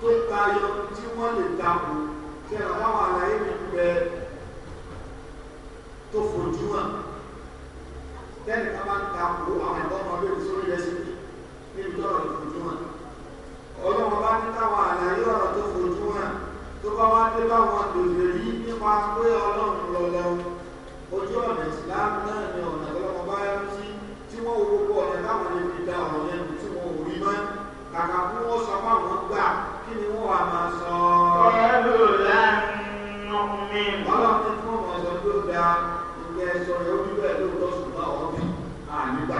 tó tayọ tí wọ́n lè dàpọ̀ kí ẹ̀rọ táwọn àlàyé mi bẹ tó fojú hàn tẹ́lẹ̀ ká máa ń dàpọ̀ àwọn ẹ̀kọ́ ọmọ bẹ́ẹ̀ sórí ẹsẹ̀ níbi tó ọ̀rọ̀ fojú hàn ọlọ́run bá ní táwọn àlàyé ọ̀rọ̀ tó fojú hàn tó bá wá dé báwọn dòdò rí nípa pé ọlọ́run lọ́lọ́ ojú ọ̀nà ìsìláàmù náà ni ọ̀nà ọlọ́run bá yá sí tí wọ́n wo gbogbo ọ̀nà táwọn lè fi da ọ̀rọ̀ yẹn tí wọ́n ò rí mọ́ kàkà fún wọn sọ fáwọn gbà kí ni wọ́n wà máa sọ. ọlọ́dún lánàá mi. ọlọ́run ti fún ọmọ sọ tó da ìgbẹ́ sọ rẹ̀ ó bíbẹ̀ lóòótọ́ ṣùgbọ́n ọ̀gbìn ànígbà.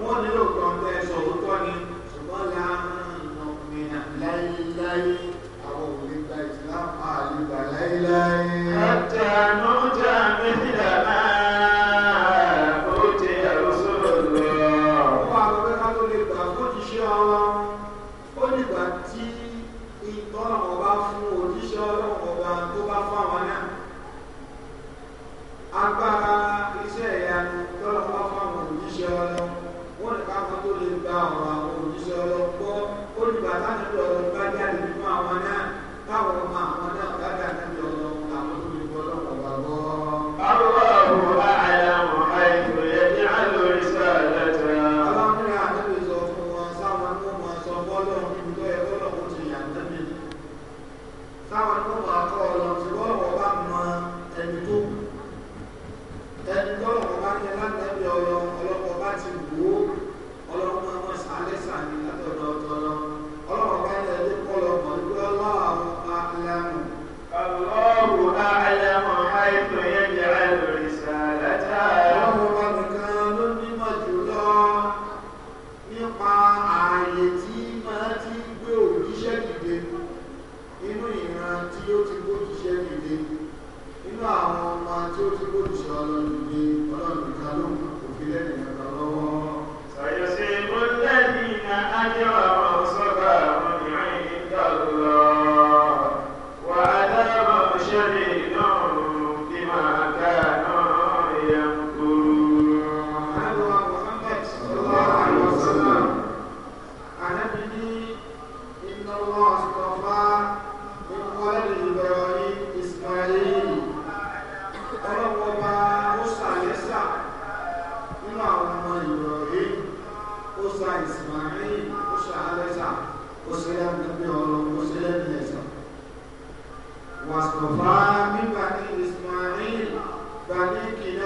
wọ́n ní lóòótọ́ ń bẹ́ sọ òótọ́ ni ṣùgbọ́n lánàá mi láíláí àwọn òní gba ìsìlámù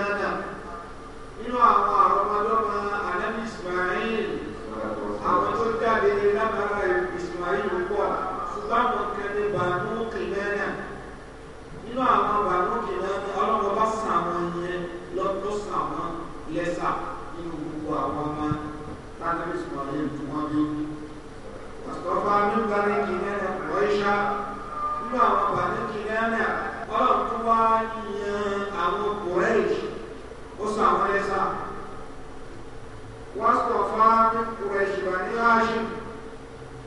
hana nínú àwọn àrọmọdọ́mọ anabi ismail àwọn tó jáde lábára ismail pọ̀ ṣùgbọ́n àwọn kan ní bàánú kìnnẹ́nà nínú àwọn bàánú kìnnẹ́nà ọlọ́mọ bá sàn àwọn yẹn lọ́dún sàn wọn lẹ́sà nínú gbogbo àwọn ọmọ anabi ismail tó wọ́n bí. Àtọ́fà ní ọlọ́run tó wá yan àwọn kòrẹ́ẹ̀jì ó sọ àwọn ẹ̀sà wọ́n sọ fáwọn kùrẹ́ṣì wà ní áṣì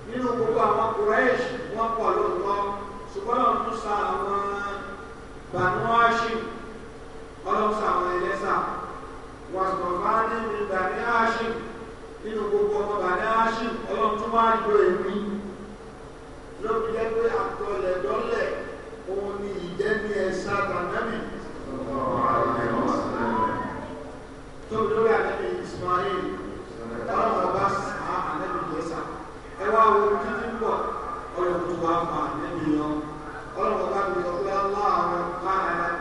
nínú gbogbo àwọn kùrẹ́ṣì wọ́n pọ̀ lóòótọ́ ṣùgbọ́n lọ́n tún sa àwọn bànú áṣì ọlọ́n sọ àwọn ẹlẹ́sà wọ́n sọ fáwọn nínú bàní áṣì nínú gbogbo ọmọ bàní áṣì ni ìjẹ́ ní ẹ̀sà tànẹ́mì tó o lórí àlẹ́bí Ismail táwọn ọba sàn àlẹ́bí yẹsà ẹ wá wo títí pọ̀ ọlọ́run tó wá fà àlẹ́bí ọlọ́run ọba mi sọ pé aláàárọ̀ káàárọ̀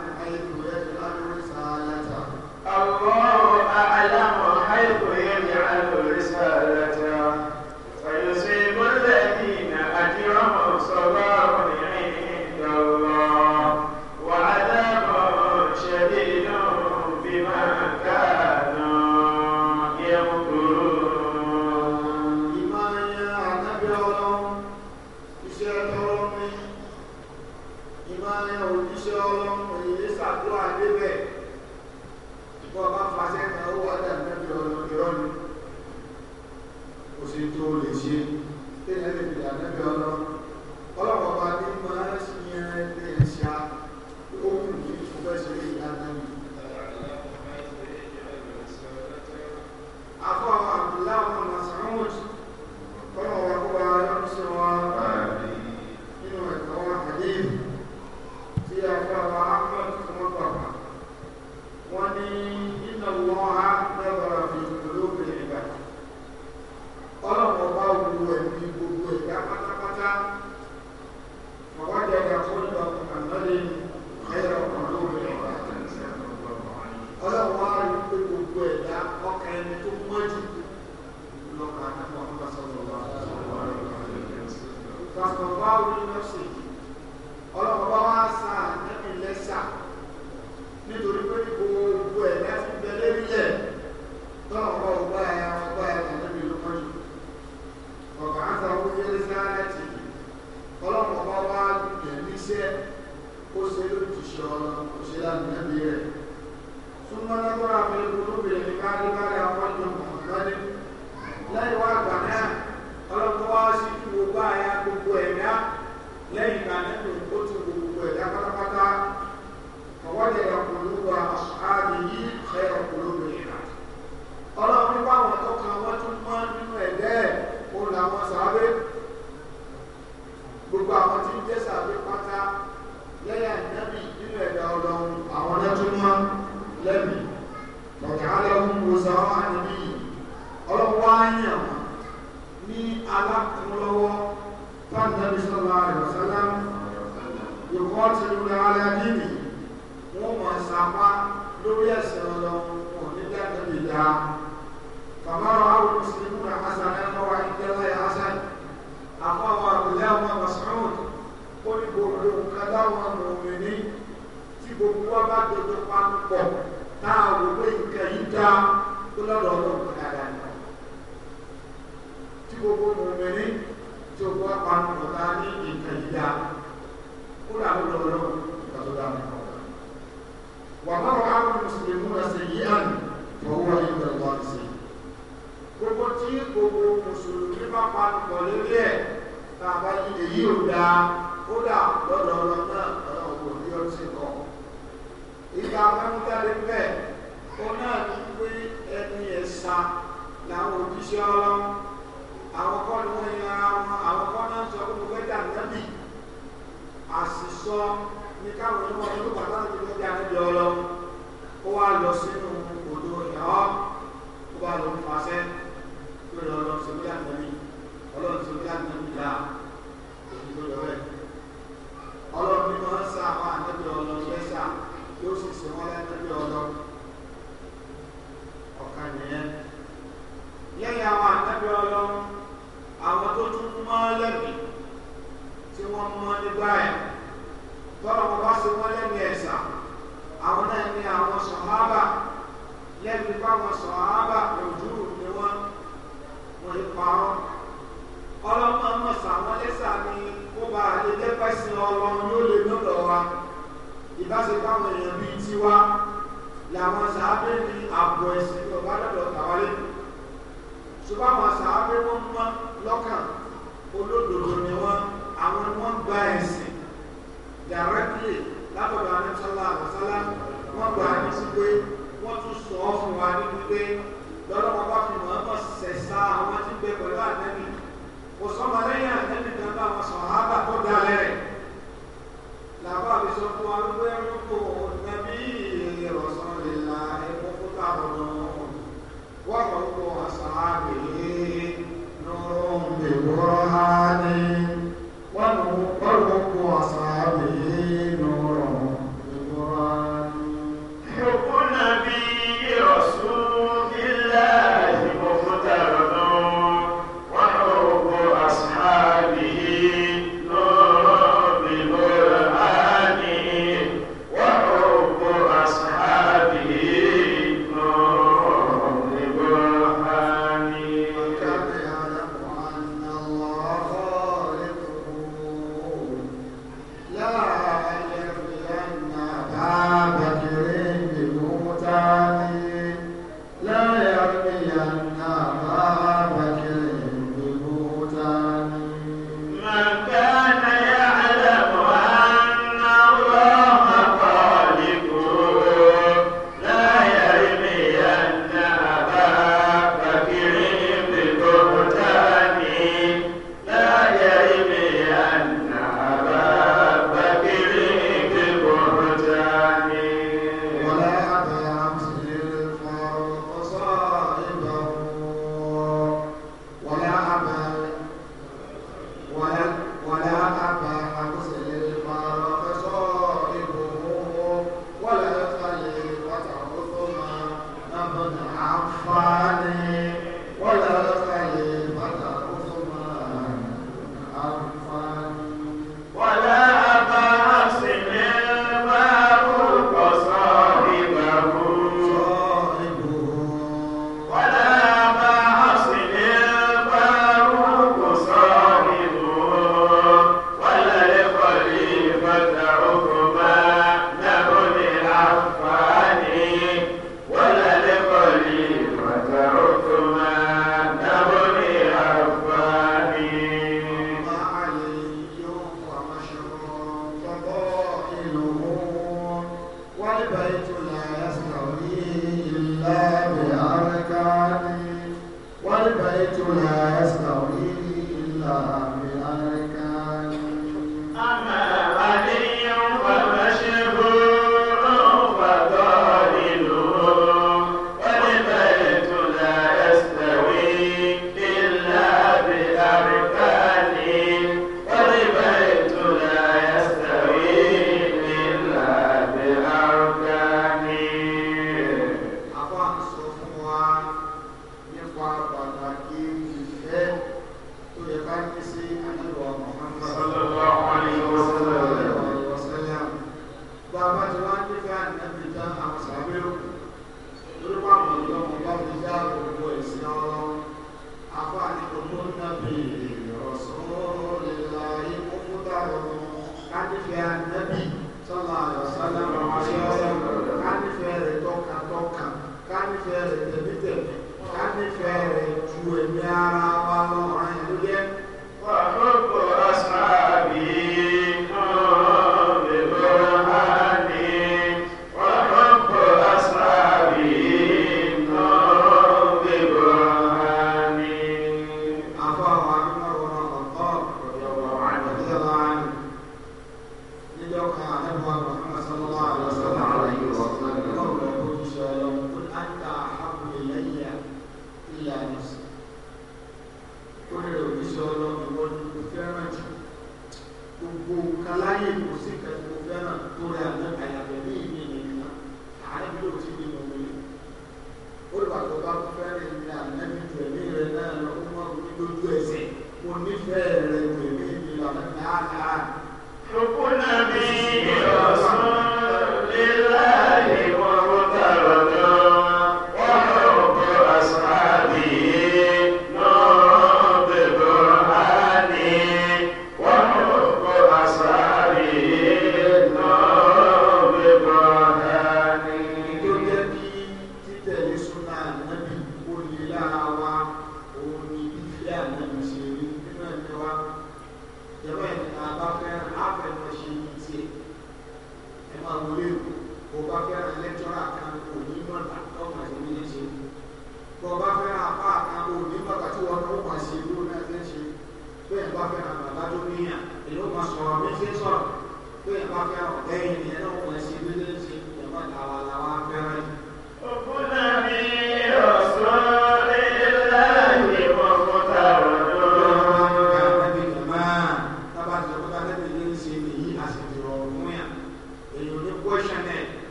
òṣìṣẹ́ ọlọ́run kò ṣe láàmì rẹ̀ súnmọ́ lọ́gbọ́n àfihàn olóbìnrin káríkárí afọ́jọ àgbọ́dé lẹ́yìn wá àgbà náà ọlọ́pọ̀ wá sí gbogbo àyà gbogbo ẹ̀dá lẹ́yìn ìgbà náà ó ti gbogbo ẹ̀dá pátápátá ọwọ́dẹ̀ ọ̀pọ̀lọpọ̀ àṣàbí yìí ṣe ọ̀pọ̀lọpọ̀ ọlọ́run nípa àwọn tó kan wọ́n tún mọ́ nínú ẹ̀dẹ́ ẹ̀ ó làwọn sàábé lẹ́bi lọ́kẹ́ aláwọ̀ wòsàn àníbí ọlọ́wọ́ àyàn ní alákùnlọ́wọ́ fàdánù sọ́lá àrẹ̀sọ́lá yòókọ́ ti lùlẹ̀ aláàbíbì wọ́n mọ̀ sàpá lórí ẹ̀sẹ̀ ọlọ́wọ́ nígbà tó lè dá kàmáà àwọn mùsùlùmí náà hasan ẹ̀ lọ́wọ́ ìdẹ́lẹ́ hasan àfọwọ́ àbúlé àwọn masoud ó tí gbogbo wa bá dodo pa pọ̀ tá a wò pé nǹkan yìí dá ó lọ́dọ̀ ọ̀dọ̀ nǹkan dáadáa nìkan tí gbogbo mòmìnir tí gbogbo apanu ọ̀tá ní nǹkan yìí dá ó rà ó lọ́dọ̀ nǹkan tó dá nìkan wà má wà á mú mùsùlùmí múra dáa ó dà lọ́dọ̀ náà ọ̀dọ̀ ọ̀gbọ̀n ní ọ̀sẹ̀ ìgbà amẹ́mútẹ́lẹ̀ bẹ́ẹ̀ ó náà ní pé ẹni sa, làwọn òjíṣẹ́ ọlọ́run àwọn kọ́ ni wọ́n yan ara wọn àwọn kọ́ náà sọ pé mo fẹ́ dà nẹ́bì àṣìṣọ ní káwọn ẹni wọn ló bàtà láti fẹ́ dà nẹ́bì ọlọ́run ó wá lọ sínú odò ìyàwó ó wá lọ fàṣẹ pé ọlọ́run ṣe bí ànẹ́bì ọlọ́run ṣe bí ànẹ́bì dáa èyí ló lọ ọlọ́run ní wọ́n sá àwọn ànẹ́bì ọlọ́run fẹ́ sá yóò sì ṣe wọ́n lẹ́nu bí ọlọ́ ọ̀kan nìyẹn lẹ́yìn àwọn àtẹ́bí ọlọ́ àwọn tó tún mọ́ lẹ́bi tí wọ́n mọ́ nígbà ẹ̀ tọ́lọ̀ wọn bá ṣe wọ́n lẹ́bi ẹ̀sà àwọn náà ní àwọn sọ̀hábà ìbáṣe káwọn èèyàn bíi tiwa làwọn sàábé ní àbọ̀ ẹ̀sìn ní ọ̀gá lọ́dọ̀ tàwálé ṣùgbọ́n àwọn sàábé wọn mọ́ lọ́kàn olódodo ni wọn àwọn ni wọ́n gba ẹ̀sìn directly látọ̀dọ̀ anẹ́sọ́lá àmọ́sálá wọ́n gba ẹni sí pé wọ́n tún sọ ọ́ fún wa ní wípé lọ́dọ̀ wọn bá fi mọ̀ ọ́n mọ̀ sẹ̀sà àwọn tí ń bẹ pẹ̀lú àtẹ́bí kò sọ́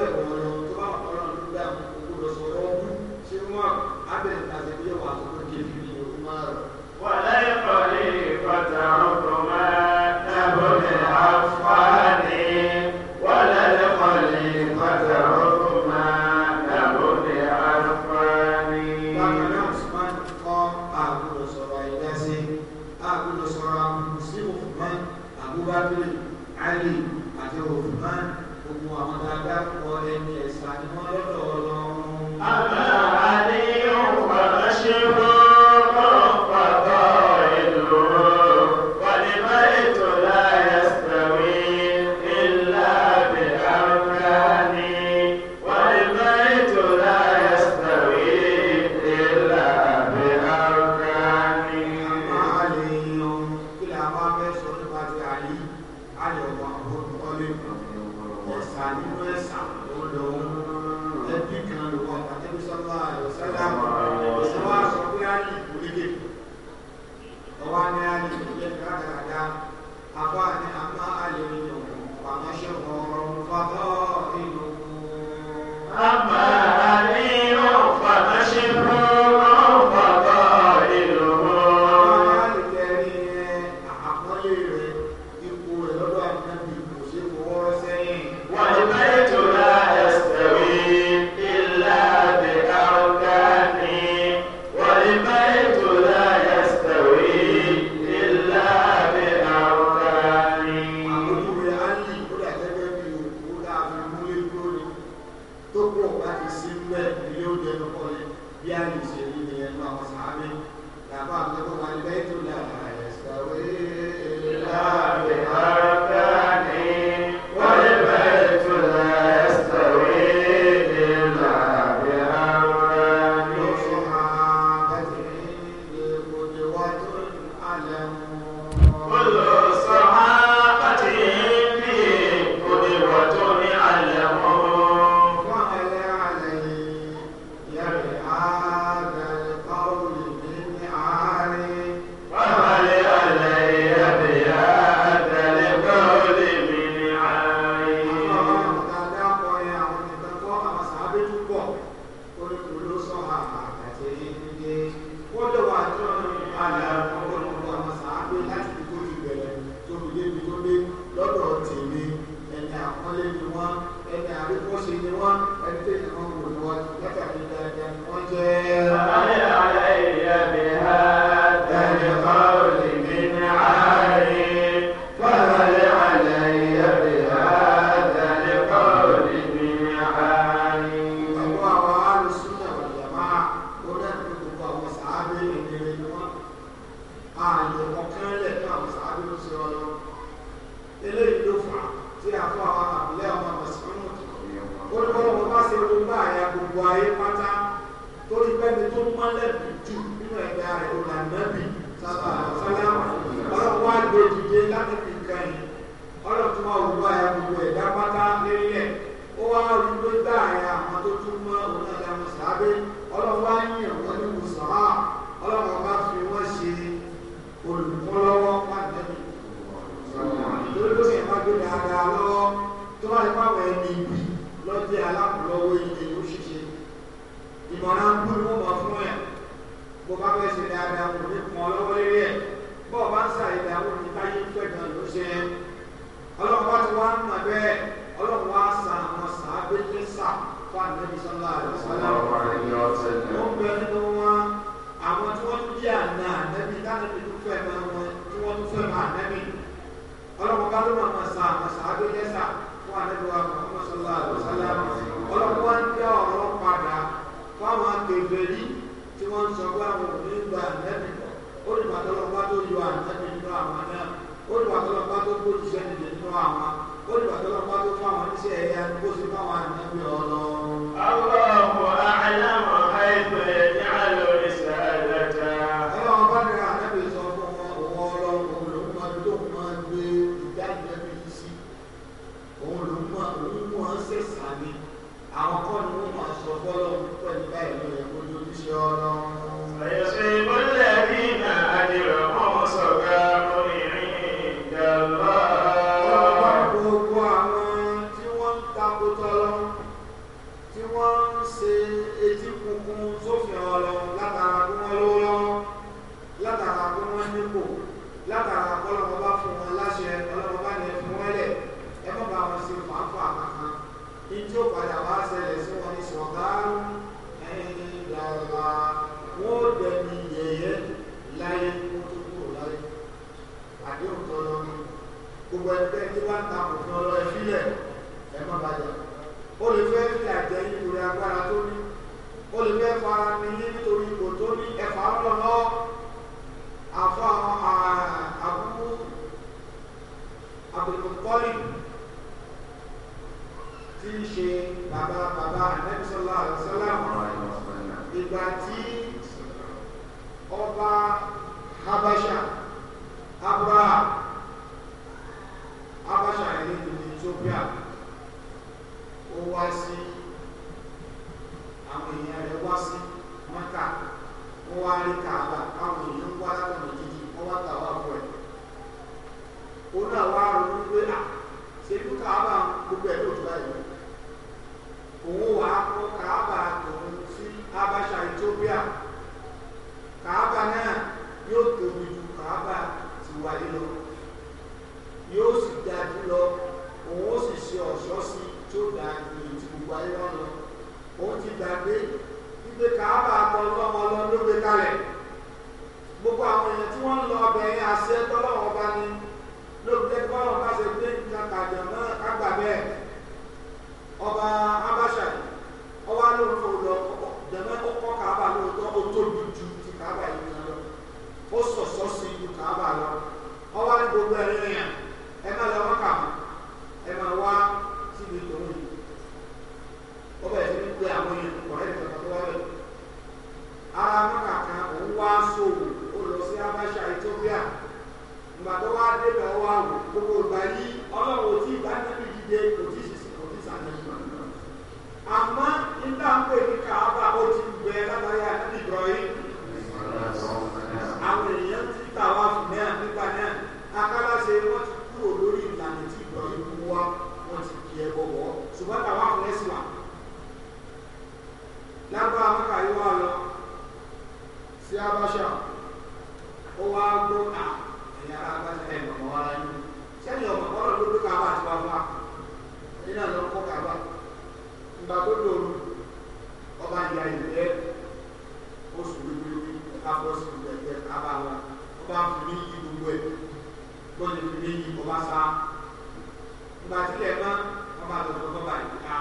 bẹ̀ wọ́n tó bá wà lọ́rùn nígbà gbogbo lọ sọ̀rọ̀ ọdún ṣé wọ́n á bẹ̀rẹ̀ tàbí gbogbo ẹgbẹ́ tí wọ́n ń ta kò kan lọ ẹfílẹ̀ ẹ má bàjẹ́ ó lè fẹ́ fi àjẹ yín torí agbára tó ní ó lè fẹ́ fara ní yín nítorí ipò tó ní ẹ̀fà ọlọ́lọ́ àfọ àwọn àbúkú àbùkùkọ́lì tí í ṣe bàbá bàbá àdẹ́bísọ́lá àdẹ́sọ́lá ìgbà tí ọba habasha abraham. Ethiopia ó wá si àwọn èèyàn rẹ̀ wá sí Mẹ́kà ó wá rí Kàábà àwọn èèyàn wá látọ̀nà jíjì ó wá tà wá fún ẹ̀ ó náà wá ronú pé à ṣe pé kàábà àtọ̀lọ́mọ lọ ló gbé kalẹ̀ gbogbo àwọn èèyàn tí wọ́n ń lọ ọbẹ̀ yẹn àṣẹ tọ́lọ́wọ́ bá ní ló gbé bọ́lọ̀ bá ṣe gbé nǹkan kàjọ náà kágbà bẹ́ẹ̀ ọba abáṣà ọba lórúkọ lọ jẹ̀mẹ́ ó kọ́ kàábà lóòótọ́ ó tóbi ju ti kàábà yìí lọ ó sọ̀sọ́ sí ju kàábà lọ ọba ní gbogbo ẹ̀rín rìn ẹ má lọ wọ́n kà ẹ má wá síbi tòun yìí ọba ẹ̀ ń pe àwọn èèyàn kọ̀ọ̀rẹ́ ìjọba ara maka ka òun wá sóòwò ó lọ sí abáṣà ethiopia ìgbà tó wá débẹ̀ ó wá wò gbogbo ìgbà yìí ọlọ́run ò tí ì bá nẹ́bí dìde kò tí ì sì kò tí ì sàlẹ̀ ìgbà àmọ́ nígbà ń pè ní káàbà ó ti gbẹ àwọn èèyàn ti tàwa fún nígbà náà ti kúrò lórí ìlànà sí abáṣà ó wá gbó à ẹ̀yà ara abáṣà ẹ̀ mọ̀mọ́ ara yín sẹ́yìn ọ̀mọ̀ kọ́rọ̀ ló dé kábà àti wàhálà ẹ̀yìn náà lọ kọ́ kábà ìgbà tó dòru ọba ìyá ìlẹ́ oṣù wíwíwí ẹ̀ka bọ́ sí ìgbẹ̀gbẹ̀ kábà wa ọba fi mí yí gbogbo ẹ̀ lọ́ọ̀dẹ̀ fi mí yí ọba sá ìgbà tílẹ̀ mọ́ ọba lọ́dọ̀ bọ́ báyìí ká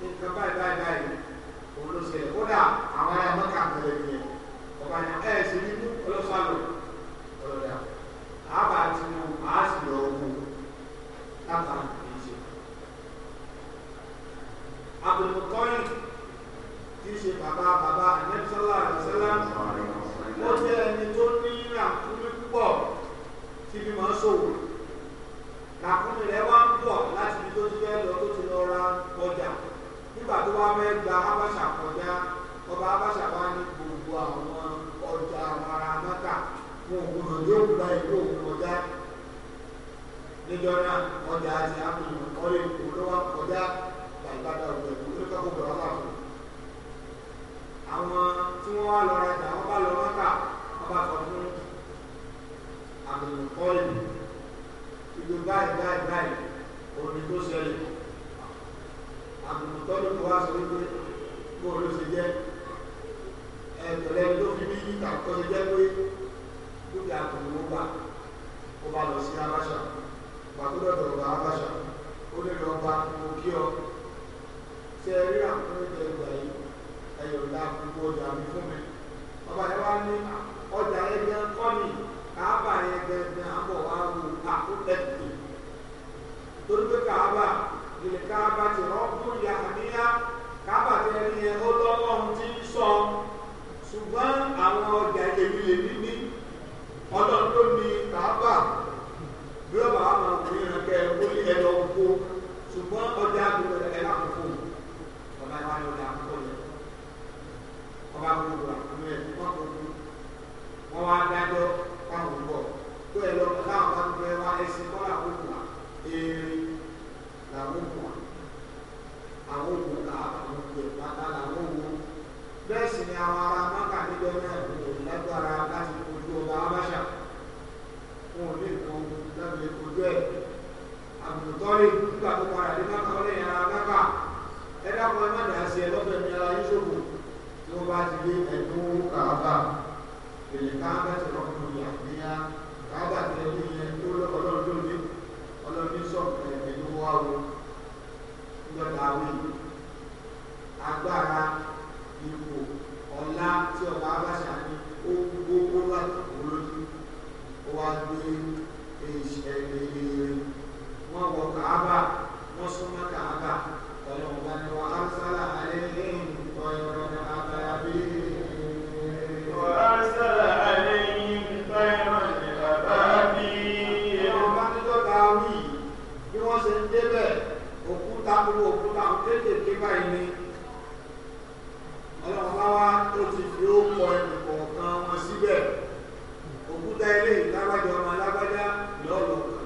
nǹkan báyìí báyìí báyìí òun ló ṣẹlẹ̀ kódà àwọn ará mọ́kà tẹ̀lé nìyẹn ọba ní ẹ ṣe ní mú ọlọ́sàlọ̀ ọlọ́dà àbá ti mú màá sì lọ ọkọ láta èyí ṣe. àbùmùtọ́yìn tí í ṣe bàbá bàbá ànẹ́tísọ́lá àdàsẹ́lá ó jẹ́ ẹni tó ní ràkúnmí púpọ̀ tí bí màá ṣòwò ràkúnmí rẹ̀ wá ń bọ̀ láti ibi tó ti fẹ́ lọ tó ti lọ ra ọjà nígbà tó wá fẹ́ gba kọjá ọba abáṣà wọn gbọdọ̀ yóò gba ìlú òun kọjá níjọ náà ọjà àti àpòyìn ọlẹ́ olówó kọjá gbàgbàgbà ọ̀gbẹ̀ olóka kó gbọdọ̀ wà fún àwọn tí wọ́n wá lọ rajà wọ́n bá lọ rákà wọ́n bá sọ fún àpòyìn ọlẹ́ ìlú báyìí báyìí báyìí òní tó ṣẹlẹ̀ àpòyìn ọlẹ́ kó wá sọ wípé bó ṣe jẹ́ ẹ̀ẹ́dẹ̀lẹ́ ló fi bí yíkà ṣe jẹ́ pé dúkìá tó ní wọ́n gbà ó bá lọ sí abáṣà gbàgbọ́dọ̀ dọ̀rọ̀ abáṣà ó lè lọ bá mo kí ọ tẹ rí àkúrẹ́ tẹ gbà yìí ẹ̀yọ̀ ńlá gbogbo ọjà mi fún mi ọba yẹn wá ní ọjà yẹn gan kọ́ni kàábà yẹn gẹ̀ẹ́gẹ́ àbọ̀ wá wo àkútẹ̀tì torí pé kàábà ìlẹ̀ kàábà ti rọ́ọ̀bù ìyá àbíyá kàábà tẹ rí yẹn ó lọ́wọ́ ohun tí ń sọ ṣùgbọ́n àwọn ọjà èmi lèmi ọlọ́run ló ní kàábà bí ọba àwọn ọkùnrin rẹ kẹ ó lé ẹlọ gbogbo ṣùgbọ́n ọjà àgùntàn rẹ ẹlọ àkókò ọba ìwà ni ọjà àkókò yẹ ọba gbogbo àkùnrin rẹ wọn kò kú wọn wá dájọ káwọn bọ kó ẹ lọ láwọn bá gbé wá ẹsìn kọ́ làwọn kù wá ee làwọn kù wá àwọn òkú ká àwọn òkú ìpàdà làwọn òkú bẹ́ẹ̀ sì ni àwọn ará mọ́kà níbẹ̀ náà kò lágbára láti kú gbogbo àwọn báṣà wọn ò ní nǹkan lábẹ́ ojú ẹ̀ àbùtọ́rì nígbà tó padà ní bákà ó lè yára bákà ẹ dákun ẹ má dà sí ẹ lọ́fẹ̀ẹ́ ní ara yín ṣòfò tí wọ́n bá ti lé ẹ̀dún kàábà èyí kàábà ti rọ́pò ìyàgbéyà kàábà ti lè ní ẹ tó ọlọ́run tó ní ọlọ́run ní sọ̀rọ̀ ẹ̀dún wá wo nígbàdà àwọn èyí agbára ipò ọ̀la tí ọba abáṣà ní ó gbó ó bá olójú ó wá gbé ẹ̀ẹ́dẹ̀ẹ́dẹ̀ wọ́n wọ kàábà wọ́n súnmọ́ kàábà ọlọ́run bá ní wọ́n á sálà alẹ́ lẹ́yìn ọ̀yọ̀rọ̀ àbáyábí wọ́n á sálà alẹ́ ọlọ́run bá wá ó ti fi ó kọ ẹnì kọ̀ọ̀kan wọn síbẹ̀ òkúta ilé ìlágbájá ọmọ alágbájá lọ́ọ̀lọ́ọ̀kan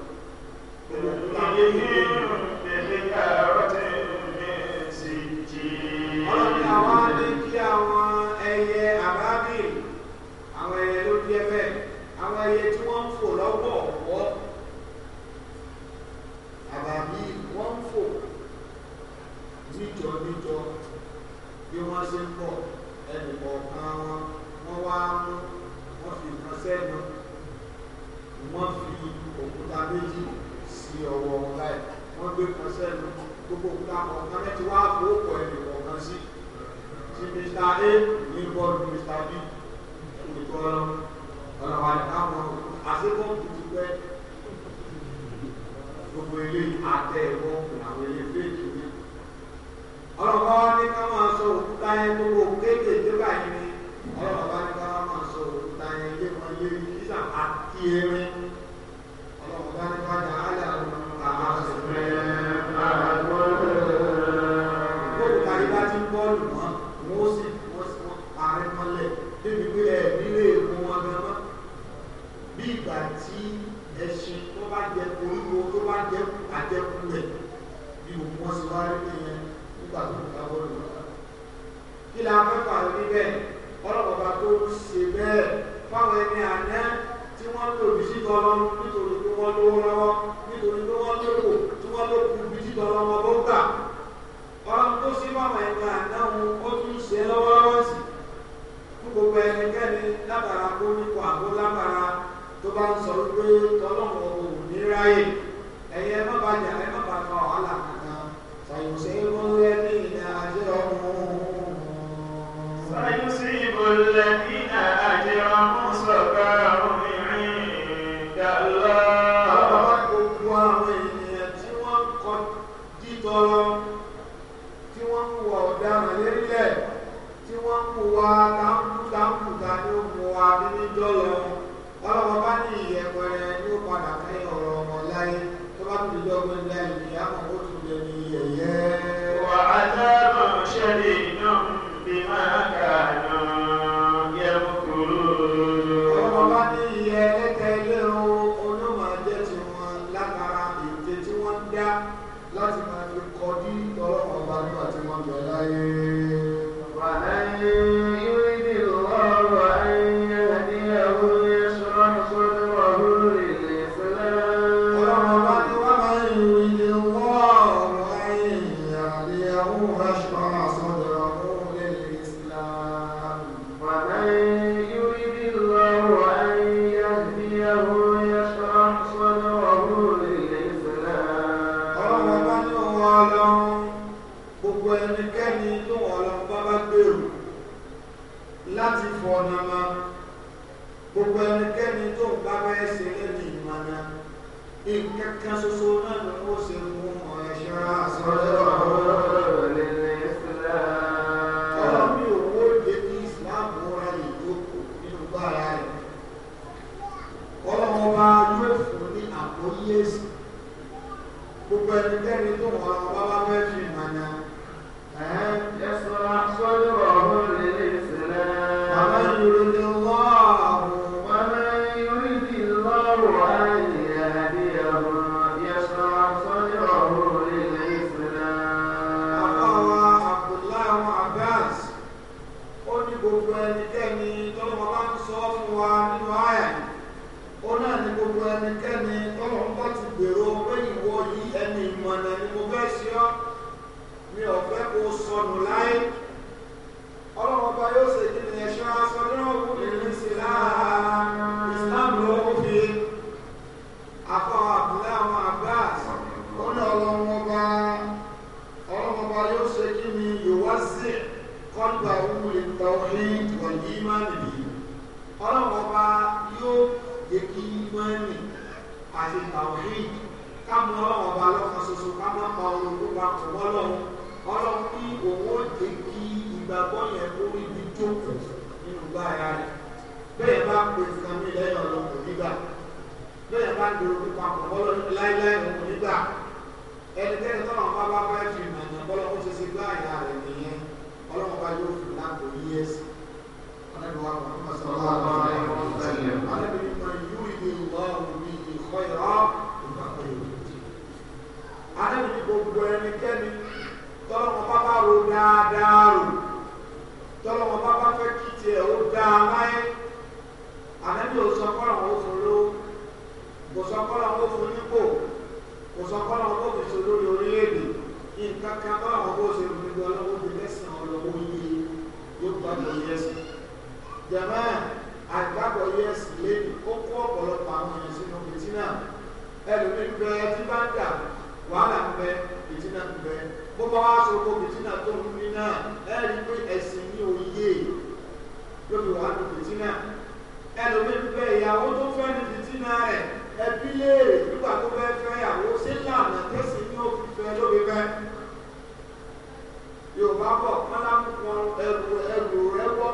bọ̀ wọ́n lá ń pọn ẹrù ẹrù rẹ wọ́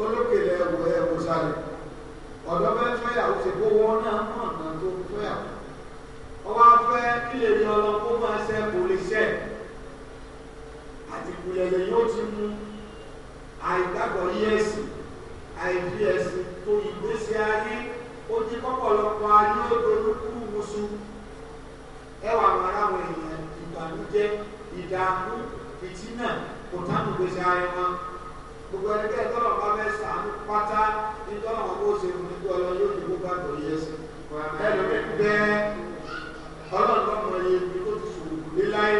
olókèlè ẹrù ẹrù sálẹ̀ ọ̀dọ́ fẹ́ fẹ́yàwó ti kó wọn náà mọ̀ náà tó fẹ́yàwó ọwọ́ afẹ́ kílè ni ọlọ kó máa ṣe yóò ti mú tó ìgbésí ayé ó ti ayé ẹwà èèyàn ìdààmú fìtínà kò tánù gbèsè ayé wọn gbogbo ẹni bẹ́ẹ̀ tọ́lọ̀ bá fẹ́ sàánú pátá ní tọ́lọ̀ wọn bó ṣe mú nígbà ọlọ́ yóò dìbò bá tó yẹ sí ẹlòmí bẹ́ ọlọ́run tó mọ iye ibi tó ti sòwò léláyé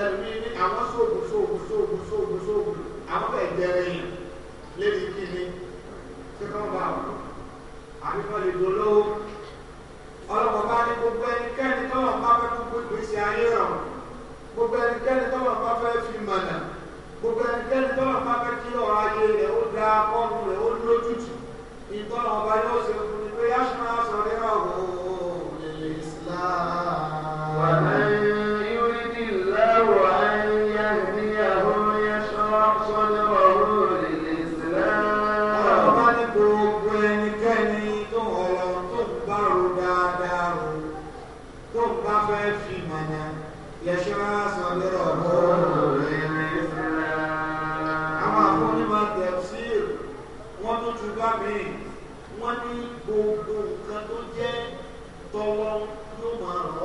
ẹlòmí ní àwọn sóògùn sóògùn sóògùn sóògùn sóògùn àwọn bẹ̀ jẹrẹ yìí lédi kí ni ṣé kọ́ bá wù àbí wọ́n lè dolówó ọlọ́run bá ní gbogbo ẹnikẹ́ni tọ́lọ̀ bá fẹ́ gbogbo ìgbésí ayé rọrùn gbogbo ẹnikẹ́ni tọ́lọ̀ bá fẹ́ fi mọ̀nà gbogbo ẹnikẹ́ni tọ́lọ̀ bá fẹ́ kí ọ̀rọ̀ ayé rẹ̀ ó da ọ̀nù rẹ̀ ó lójútù ìtọ́nà ọba yóò ṣe fún mi pé yáṣọ́ máa sọ nígbà wo lè lè sílá. wàlẹ́yìn.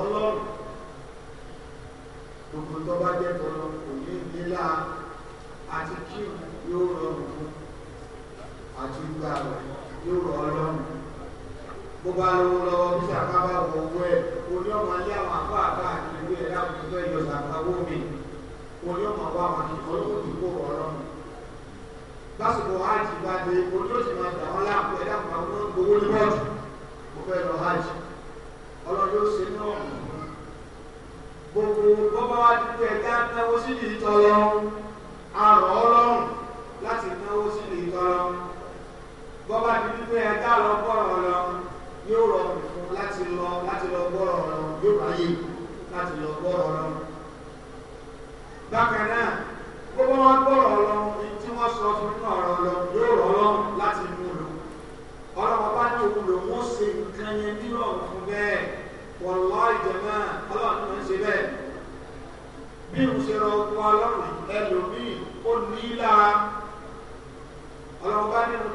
Ọlọrụ: gbogbo tó bá jẹ́ tọ́lọ́ kò ní nílá àti kí yóò rọrùn fún àti gbà yóò rọ ọlọ́run bó bá lówó lọ́wọ́ bí sàkà wọ owó ẹ̀ oní ọmọ ilé àwọn àti ìlú ẹ̀ láwùjọ fẹ́ yọ ọmọ wọn ọlọ́run lásìkò hajj ọlọ́run yóò ṣe náà gbogbo bọ́bá wa dúdú ẹ̀dá náwó sí ní ìtọ́lọ́ àrọ̀ ọlọ́run láti náwó sí ní ìtọ́lọ́ bọ́bá dúdú ẹ̀dá lọ bọ́rọ̀ lọ yóò rọrùn fún láti lọ láti lọ bọ́rọ̀ lọ yóò ráyè láti lọ bọ́rọ̀ lọ. bákan náà bọ́bá wa bọ́rọ̀ lọ ní tí wàlá ìjẹ̀mọ́ ọlọ́run ló ń ṣe bẹ́ẹ̀ bí mo ṣe rọ wá lọ́rùn ẹlòmíì ó ní lára ọlọ́run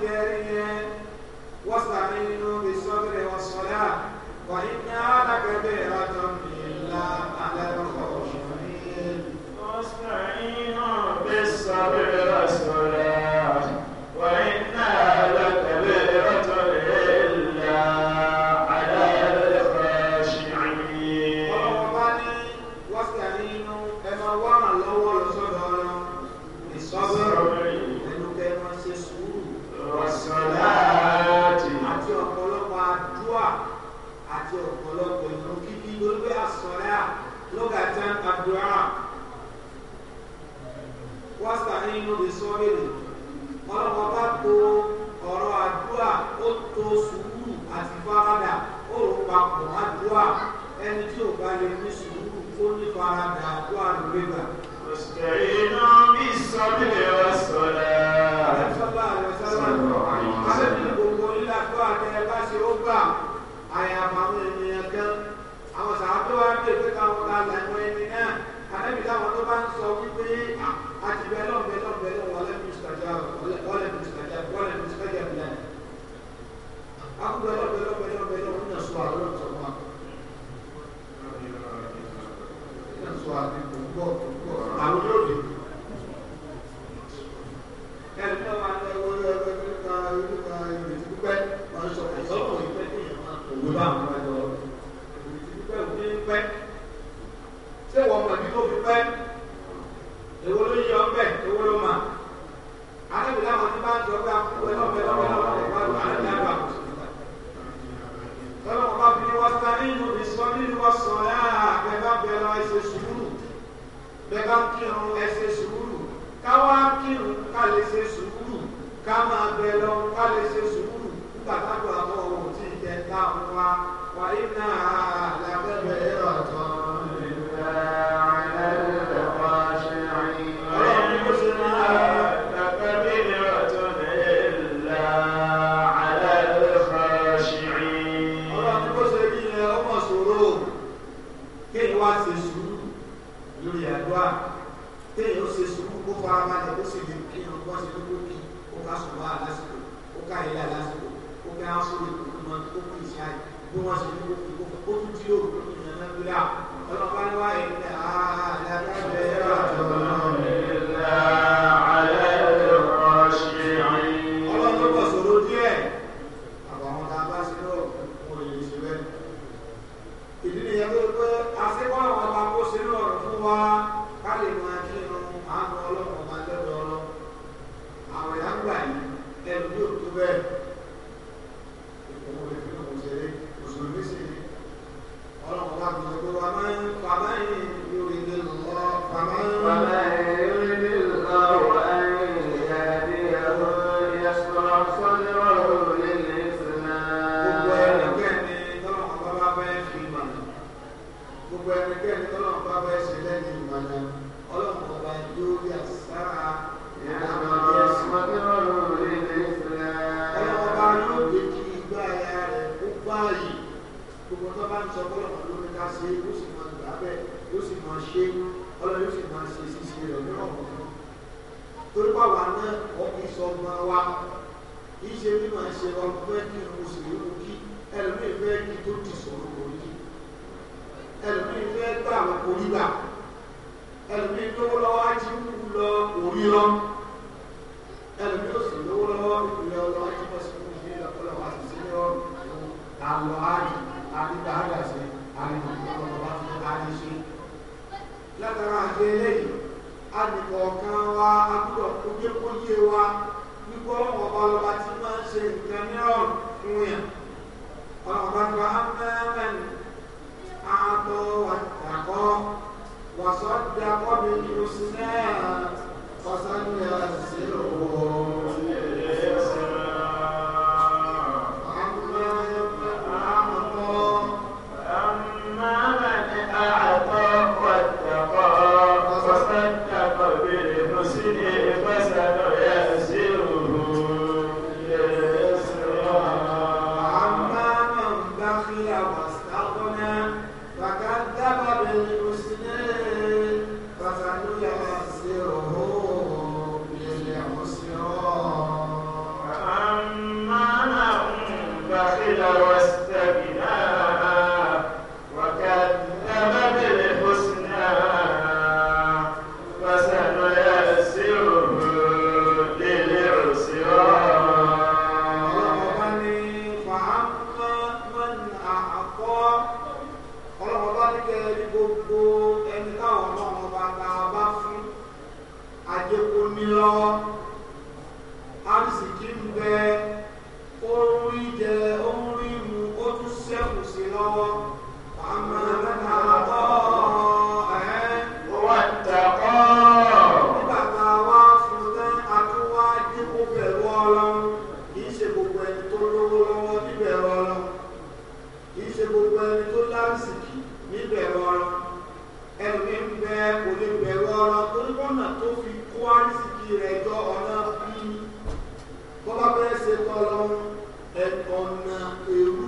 then do it them. ọ̀nà tó fi kó àrísìkí rẹ̀ jọ ọ̀nà bí bọ́lá bẹ́ẹ̀ ṣe tọ́ lọ ọ̀nà èrú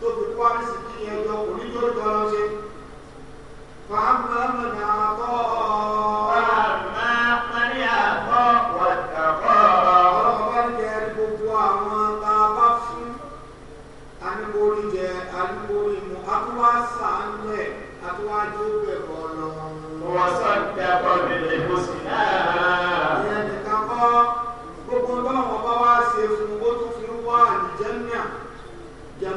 tó fi kó àrísìkí yẹn jọ oníjọ́ tọ́ lọ ṣe. fàámà mọ̀nà àtọ́ fàámà mọ̀nà àtọ́ wàtàkọ́. ọlọ́pàá ń jẹ gbogbo àwọn tá a bá fún bẹ̀rù ọ̀nà. wọ́n sọ ìdábọ̀ nílé.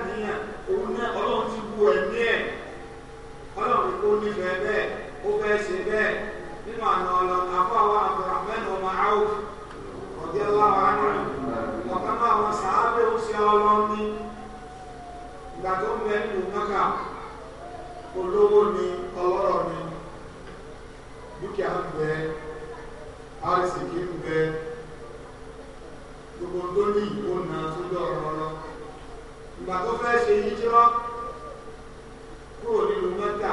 àníyàn òun náà ọlọ́run ti bu ẹ̀mí ẹ̀ ọlọ́run kò nífẹ̀ẹ́ bẹ́ẹ̀ ó fẹ́ ṣe bẹ́ẹ̀ nínú àná ọlọ́run àfọwọ́ Abdurrahman ọmọ áwù ọ̀dí aláwọ̀ ánú ọ̀kan náà wọn sàábẹ̀ ó ṣe ọlọ́run ní ìgbà tó ń bẹ nínú olówó ni ọlọ́rọ̀ ni dúkìá ń bẹ àrísìkí ń bẹ gbogbo tó ní náà ìgbà tó fẹ́ ṣe yíjọ́ kúrò nílùú mẹ́ta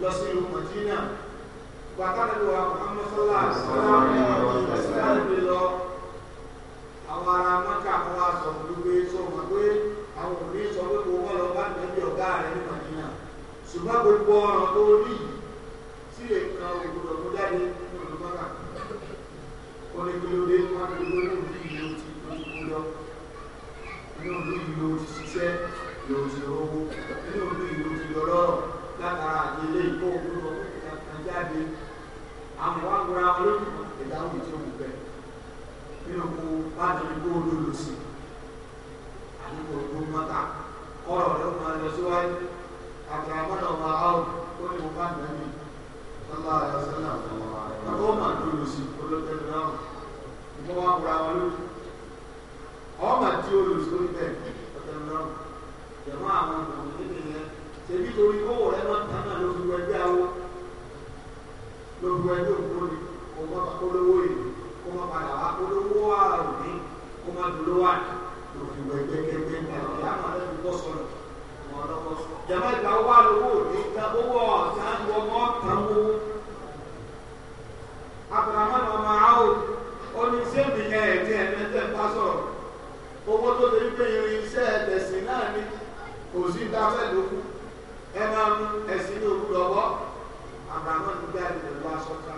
lọ sí ìlú mọ̀jínà ìgbà tánàlú wa Muhammad sọ́lá sọ́lá ìgbà tí lọ àwọn ará mọ́ta àwọn aṣọ gbogbo ètò ọmọ pé àwọn òní sọ pé kò wọ́n lọ bá nẹ́bí ọ̀gá rẹ̀ ní mọ̀jínà ṣùgbọ́n gbogbo ọ̀rọ̀ tó rí sí èèkan ògbòdò tó jáde nínú ìlú mọ́ta ó ní kí ló dé wọn kí ló dé òbí ní olú ìlú ti ṣiṣẹ́ ló ti rówó ní olú ìlú ti lọ́rọ́ látara àdílé ìkó òkúrò kan jáde àwọn wá gbọ́ra wọn lójú ìdáhùn tí ó wù bẹ́ẹ̀ nínú kó bá ti kó olóòlù sí àdúgbò tó mọ́ta kọ́rọ̀ ló máa lọ síwájú àti àgbọ̀dọ̀ máa áwù ó ní mo bá nàbí sọ́lá àyọ̀sọ́lá àwọn ọmọ àdúgbò sí olóòtú náà ìfọwọ́ àgbọ̀ra wọn lójú ọmọ tí o lò sórí bẹ́ẹ̀ ọ̀tẹ̀ lọ́rùn jẹ̀mọ́ àwọn ọ̀nà nínú yẹn ṣebí torí owó rẹ máa ń tán náà ló fi wọ ẹgbẹ́ awo ló fi wọ ẹgbẹ́ òkúrò ni kó má ba kólówó èlò kó má padà wá kólówó àrùn ní kó má dúró wà ló fi wọ ẹgbẹ́ kẹgbẹ́ ẹgbẹ́ àwọn ọ̀rẹ́ mi bọ́ sọ̀rọ̀ àwọn ọ̀dọ́kọ̀ jẹ̀mọ́ ìgbà wà lówó òní ìgbà owó ọ̀sán wọ́n kàn wó abdulhamid ọmọ àwọn oníṣẹ́ mi yẹn ẹ̀ owó tó lè gbé irin iṣẹ́ ẹ̀sìn náà ni kò sí ta fẹ́ lókun ẹ máa mú ẹ̀sìn ní òkú lọ́wọ́ àbàmọ́ nígbà ìdílé wá sọ́ká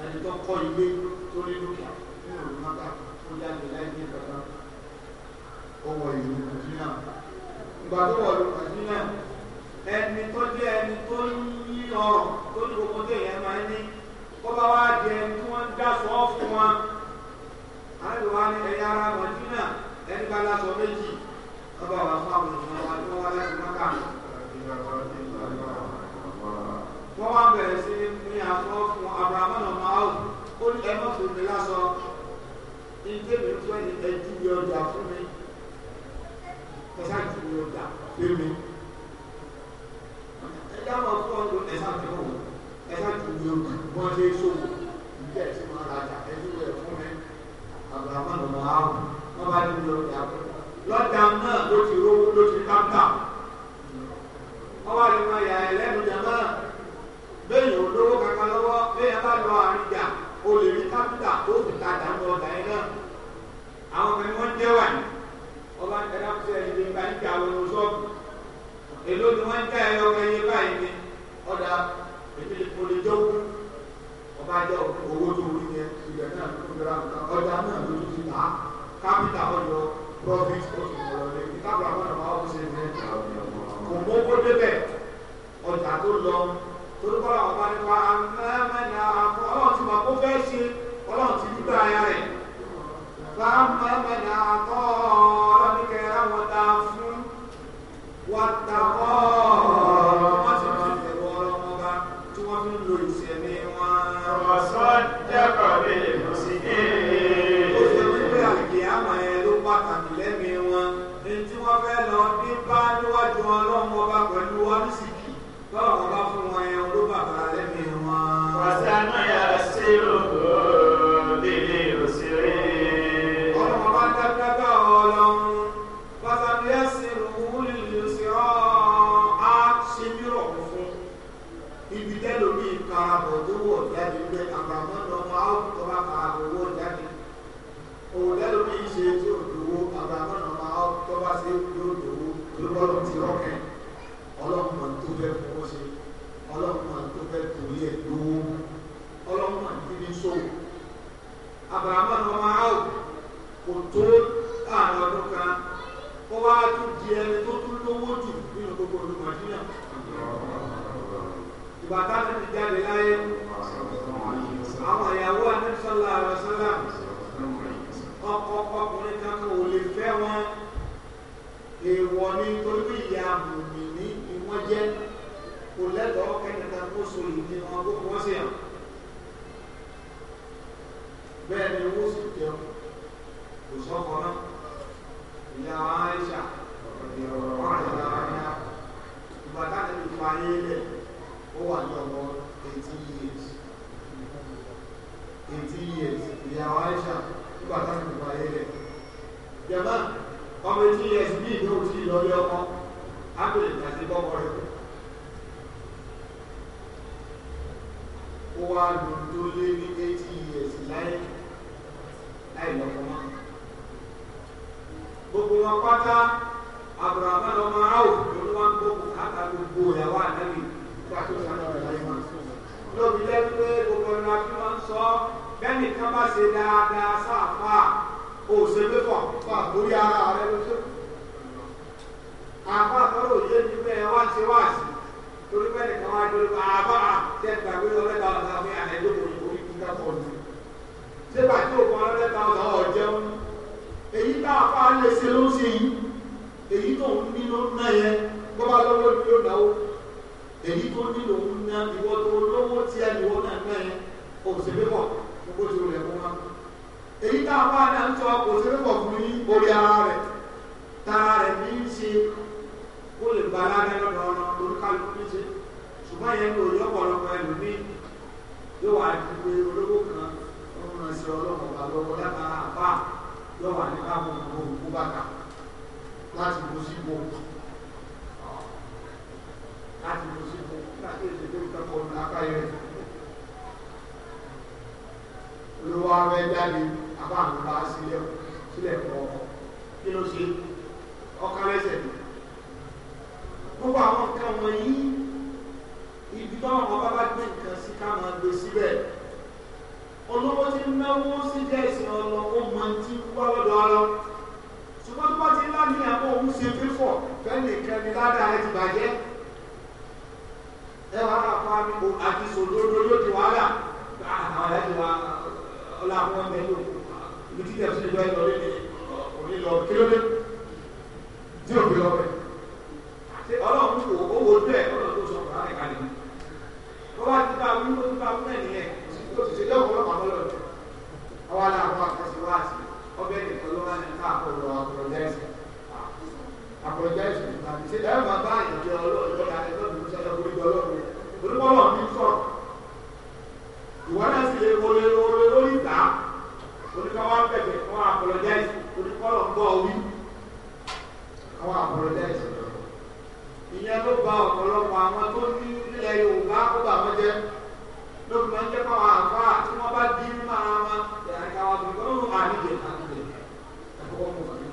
ẹni tó kọ́ ilé tó ní dúkìá nínú òun mọ́ta tó jáde láì ní ìjọba ó wọ ìlú nàìjíríà ìgbà tó wọ ìlú nàìjíríà ẹni tó jẹ́ ẹni tó ní ọrọ̀ tó ní gbogbo tó yẹn máa ní kó bá wá di ẹni tí wọ́n dá sọ́ fún wa àwọn ìwà ni ẹ̀yà ara mọ̀júnà ẹni ká lásọ méjì ọba wà fún àwọn ìṣòro wa tí wọ́n wá láti mọ́kà. wọ́n wá bẹ̀rẹ̀ sí ní àtọ́ fún abrahamu ọmọ àwọn ó ní ẹ má fún mi lásọ ìdí mi fún ẹni ẹjú yọ ọjà fún mi ẹ̀sà ju yọ ọjà fún mi ẹ̀dá máa fún ọdún ẹ̀sà tó wọ̀ ẹ̀sà ju yọ ọjà bọ́ọ̀dé sọ̀wọ̀ ìdí ẹ̀ tí wọ́n ra ọjà ẹ̀ abdulhamid ọmọ àwọn wọn bá ní lọ bí abọ lọdà náà ló ti rówó ló ti kápá wọn wá lè mọ ìyá ẹlẹ́nu jàmá bẹ́ẹ̀ yóò kankan lọ́wọ́ bẹ́ẹ̀ bá lọ àríjà o lè rí kápítà tó ti ta dànù ọ̀gá yẹn náà àwọn kan ní wọ́n jẹ́ wà ní ọba ń tẹ̀lé àkùsẹ̀ ìdè ìgbà ń jà wọn sọ́ọ̀bù èló ni wọ́n ń tẹ̀ ẹ̀yọ́ ẹyẹ báyìí ni ọ̀dà ìgbẹ́ náà tó ń gbéra nǹkan ọjà náà ló ti ta kápítà ọjọ́ profit ó ti mọ̀ lọ́lẹ̀ ìtàkùn àwọn ọ̀nà máa ń ṣe ní kò mọ́ owó débẹ̀ ọjà tó lọ torúkọ làwọn bá nípa amẹ́mẹ́ni àkọ́ ọlọ́run ti mọ̀ kó fẹ́ ṣe ọlọ́run ti dúdú aya rẹ̀ bá amẹ́mẹ́ni àkọ́ ọlọ́run kẹrẹ́ wọn dáa fún wọn dáa kọ́ ọ. ìjọ ọlọ́run ọba pẹ̀lú ọ́nísìkì báwọn ọba fún wọn yẹn ló bàbá lẹ́mí wọn. ọ̀sánú yà sí òdìdí òṣèré. ọlọ́run ọba dáadáa bá ọlọ́run pàtàkì ẹ̀sìn òwúlì ìṣirọ́ á ṣe mírọ̀ fún ibi tẹ́lómi ìkarabọ̀ tó wọ̀ jáde pé àbàmọ́ lọ́mọ á tọ́ bá ka owó jáde òwò tẹ́lómi ṣe tí ò dúró àbàmọ́ lọ́mọ á tọ́ bá ṣe yóò dúró torí ọlọ́run ti rọ́kẹ̀ ọlọ́run mọ̀ tó fẹ́ fọwọ́ ṣe ọlọ́run mọ̀ tó fẹ́ torí ẹ̀ lówó ọlọ́run mọ̀ tí ní sóò abrahamu ni wọn máa kò tó àárín ọdún kan ó wá tún di ẹni tó tún lówó jù nínú gbogbo ọdún ọkùnrin kan kò lè fẹ́ wọn èèwọ̀ ni torí pé ìyá àmùmí ní ìwọ́n jẹ́ kò lẹ́tọ̀ọ́ kẹ́kẹ́ta kó so ìdí wọn kó wọ́n sì hàn bẹ́ẹ̀ ni owó sì jẹun kò sọ́kọ náà ìyá Aisha ìrọ̀rọ̀ wà lára ara ìgbà táwọn ẹni fa ayé lẹ̀ ó wà ní ọmọ eighteen years eighteen years ìyá Aisha ìgbà táwọn ẹni fa ayé lẹ̀ jẹ̀mọ́ ọmọ etí yẹn sí bí ìlú òtí ìlọrí ọkọ ábìlì tàbí bọ́kọ rẹ̀ ó wá lò tó lé ní eighty years láyé láì lọ́kọ mọ́ gbogbo wọn pátá àbùràbá lọmọ aráwò ló wá ń gbókùn káàkiri gbogbo ìyàwó ànábì kí a tó sáré láyé wọn lóbi lẹ́nu pé gbogbo ẹ̀rọ akíwọ́n sọ bẹ́ẹ̀ nìkan bá ṣe dáadáa sáà fáà o ò ṣe pépà pa lórí ara rẹ ló ṣe. àbá àtọ́rọ̀ òye ni pé ẹ wá ń ṣe wáàsí torí pé nìkan wá dúró pé àbá àti ẹgbàá gbé lọ lẹ́ta ọ̀sán fún àlẹ́ tó kò yìí orí kíkà pọ̀ ní. sígbà tí òkun ọ̀rọ̀ lẹ́ta ọ̀sán ọ̀ jẹun èyí tá a fà lè ṣe ló ń ṣe yìí èyí tó ń nínú ná yẹ bó lọ́wọ́ ni yóò náwó èyí tó nínú ná ìwọ tó lówó tiẹ̀ ìwọ náà ná yẹ òṣèlú pọ̀ gbogbo ti rẹ̀ mú wa èyí tá a bá náà ń sọ kò sí pípọ̀ fún yín orí ara rẹ̀ tara rẹ̀ ní í ṣe ó lè gba aládé lọ́dọ̀ ọ̀nà olúkálukú ní í ṣe ṣùgbọ́n yẹn ló lọ́pọ̀lọpọ̀ ẹlòmíì yóò wá di pé olówó kan ọmọ náà ṣe ọlọ́pàá bá lọ́wọ́ látara àbá yóò wà ní káàbù gbogbo òkú bàtà láti bó sí bò láti bó sí bò láti èdè tó kẹ́kọ̀ọ́ ní akáyọ̀ olówó abẹ́ jáde àbá àwọn bá sílẹ̀ sílẹ̀ kọ́ kí ló ṣe ọkàn lẹ́sẹ̀ ni gbogbo àwọn nǹkan wọ̀nyí ibi táwọn ọba bá gbé nǹkan sí ká máa gbé síbẹ̀ olówó ti náwó sí jẹ́ ìsìn ọlọ ó mọ ti wá lọ́dọ̀ ọlọ ṣùgbọ́n tó bá ti ńlá ní àwọn òun ṣe fífọ̀ fẹ́ẹ̀lì kẹ́ni ládàá ẹ ti bàjẹ́ ẹ wàá rà fún àti sòdodo yóò di wàhálà àwọn ẹ̀ ti wà ọlọ́ àwọn ọmọ ẹ̀ lóko ibi títẹ̀ sí ìwé ẹ̀yọ́ lé ní òní lọ kílódé tí ò gbé lọ bẹ̀. ṣé ọlọ́run kò owó bẹ́ẹ̀ ọlọ́run tó sọ ọ̀rọ̀ àrẹ kalẹ̀ ni. wọ́n bá ti bá wí ló ti bá wí náà nìyẹn tó ti ṣe lẹ́wọ̀n ọlọ́pàá lọ́lọ́ àwa náà wọ́n akẹ́sí wá sí ọbẹ̀ nìkan ló wá ní ká ba ọ̀pọ̀lọpọ̀ àwọn tó ní ilẹ̀ Yorùbá ó bà wọ́n jẹ́ lóbi máa ń jẹ́ káwọn àfa tí wọ́n bá dín ní máa wọn yàrá káwọn bí wọ́n mú àníjẹ àníjẹ àkọ́kọ́ mọ̀ ní.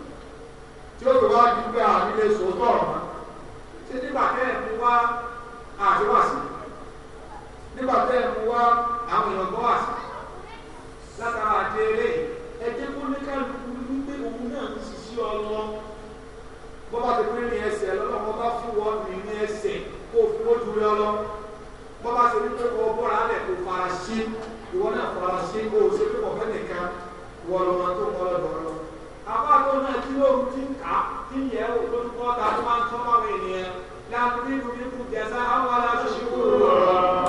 tí ó bá di pé àníjẹ sòótọ́ ọ̀rọ̀ ṣé nígbà tẹ́ ẹ̀ mú wá àtiwàsí nígbà tẹ́ ẹ̀ mú wá àwọn èèyàn gbọ́ wàsí látara àti eré ẹ̀jẹ̀ kó ní kálukú ní pé òun náà ń ṣiṣẹ́ ọlọ́ọ̀ bọ́bá ti pín ní ẹsẹ̀ lọ́lọ́wọ́ bá fún wọn ní ní ẹsẹ̀ kó fún ojú rẹ lọ bọ́bá ti ní pé kó bọ́ra lẹ̀ kó fara sí ìwọ náà fara sí kó o ṣe pé kò fẹ́ nìkan wọ lọ́mọ tó ń wọlé lọ́rọ́ lọ. àbá tó náà tí lóru ti ń kà tí yẹ o tó ń kọ́ ta tó máa ń tọ́ báwọn ènìyàn láti ní ìlú ní kùjẹ́sà àwọn aláṣẹ ṣe kúrò lọ́rọ́.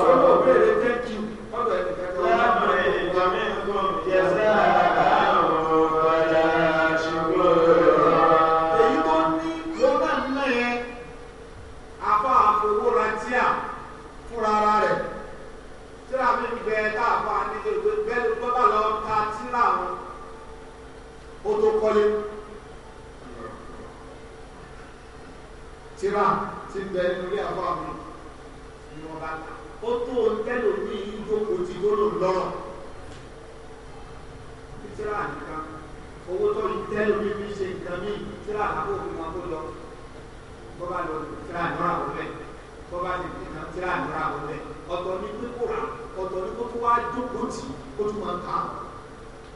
tíra ti bẹ lórí àbọ̀ àmì ni wọ́n bá ta ó tó o tẹ́lò ní ìjókòó ti gbóló lọ́rọ̀ tíra nìkan owó tó ń tẹ́lò ní bí ṣe nǹkan mí tíra àbò òfin wọn kó lọ bó bá lọ tíra àdúrà wọn lẹ bó bá lè fi kan tíra àdúrà wọn lẹ ọ̀tọ̀ ní pípòrà ọ̀tọ̀ ní kókó wá jókòó tì ó tún máa ta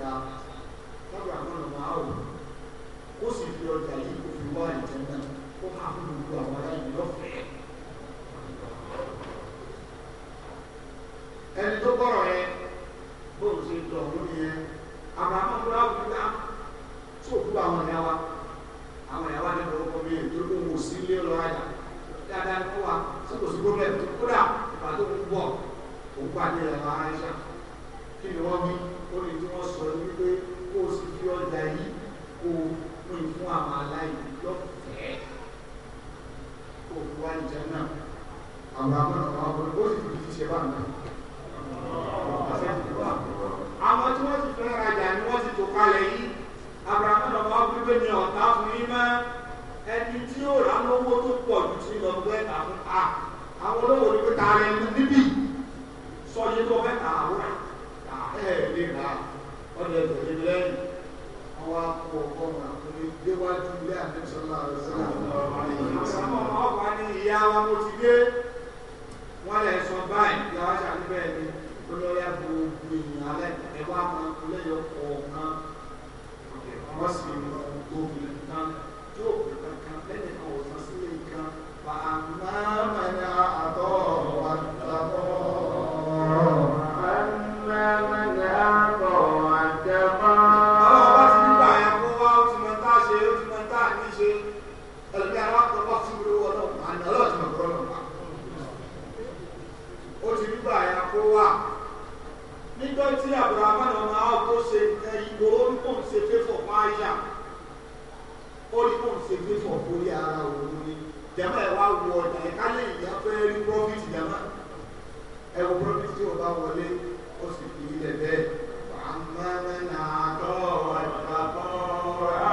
dáa lọ́dọ̀ àwọn ọ̀nà àwọ̀ ó sì fi ọjà yìí kò fi wá ìjẹun náà ó máa fún gbogbo àwọn aráàlú lọ́fẹ̀ẹ́ ẹni tó gbọ́rọ̀ orí ara òun ni jẹ́mọ̀ ẹ̀ wá wọ ọ̀dà ẹ̀ká lè yá fẹ́ rí profit jẹ́mọ̀ ẹ̀ profit tí o bá wọlé ó sì fi ilẹ̀ bẹ́ẹ̀ wàá mọ́nà àtọ́ ọ̀dà kan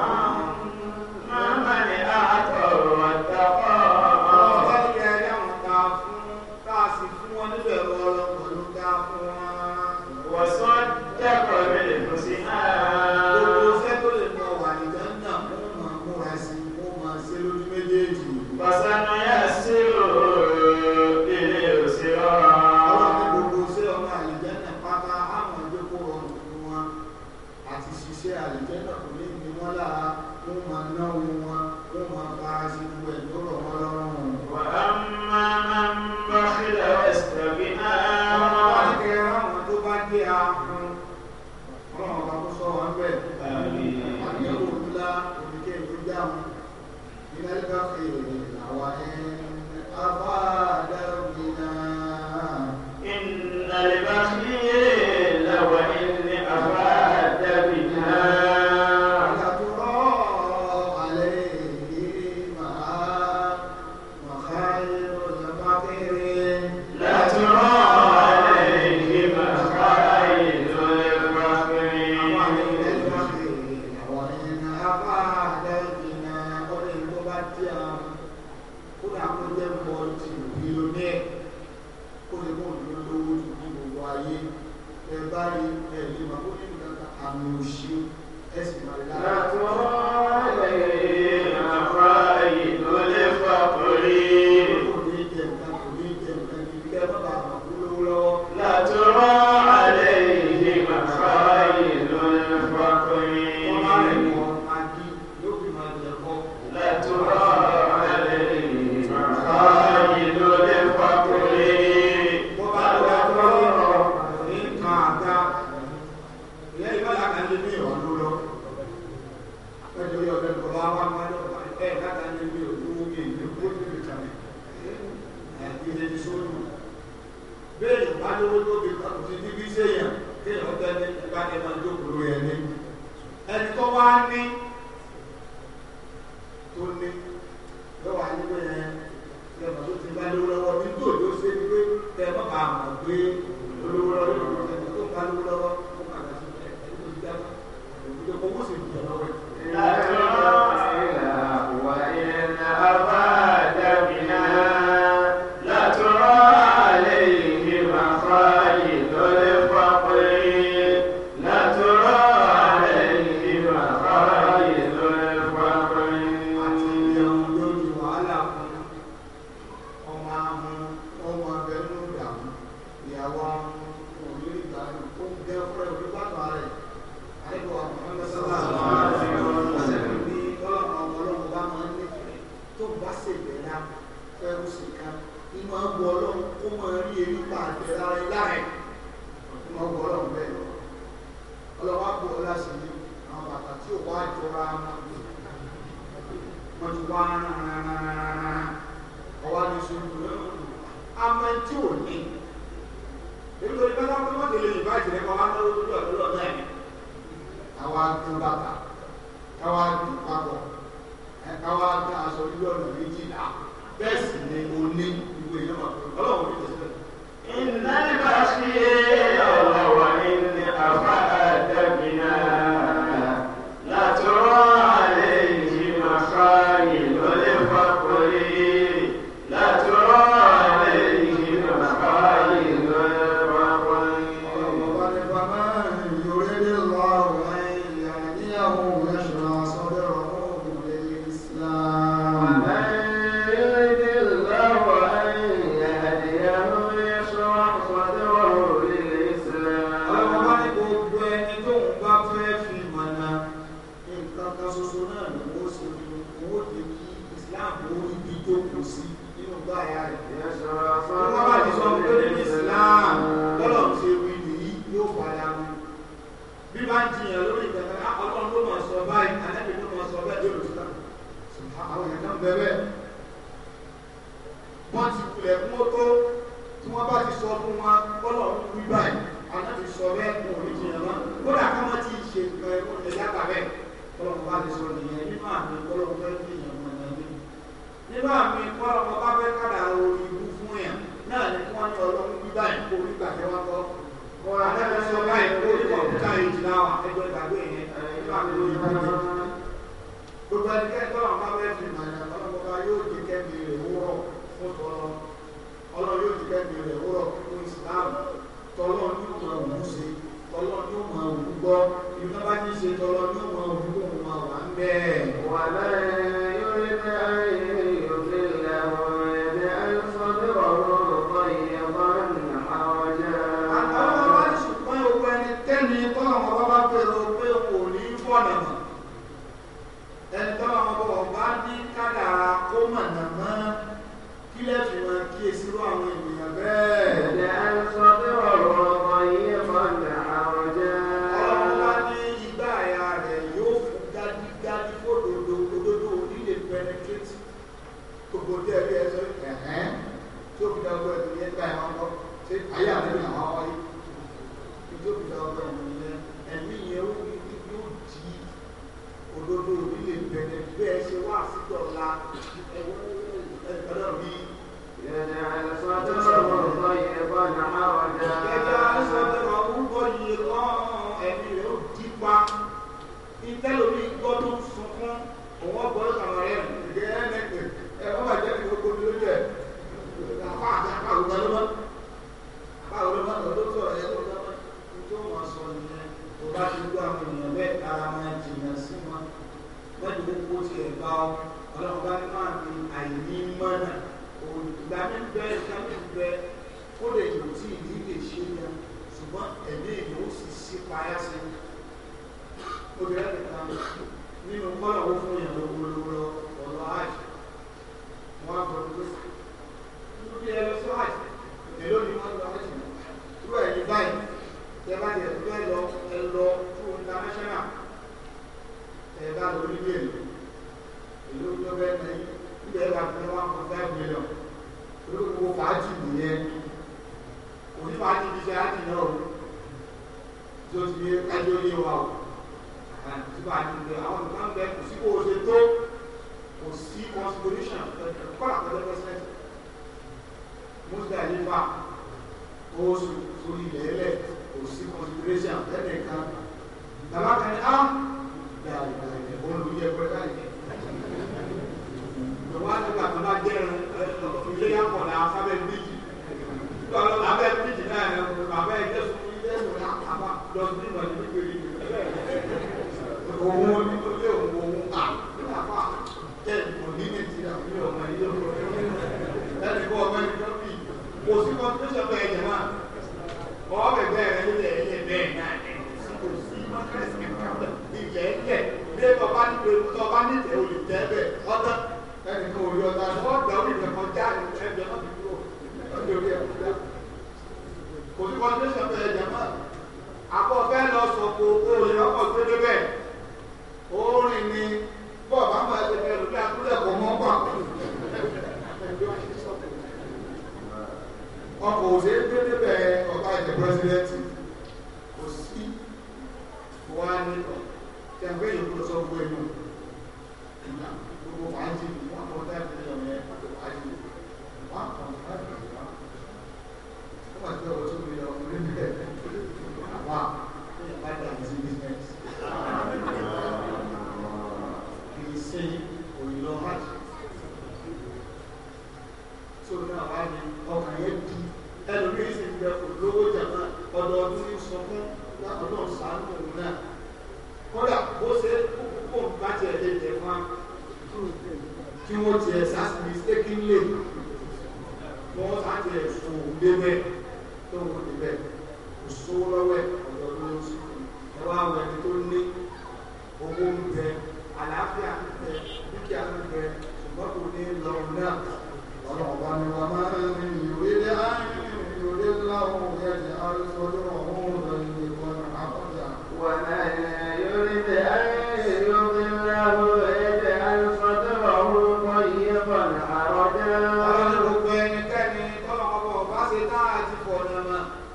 我觉得，你们我要我抽烟都。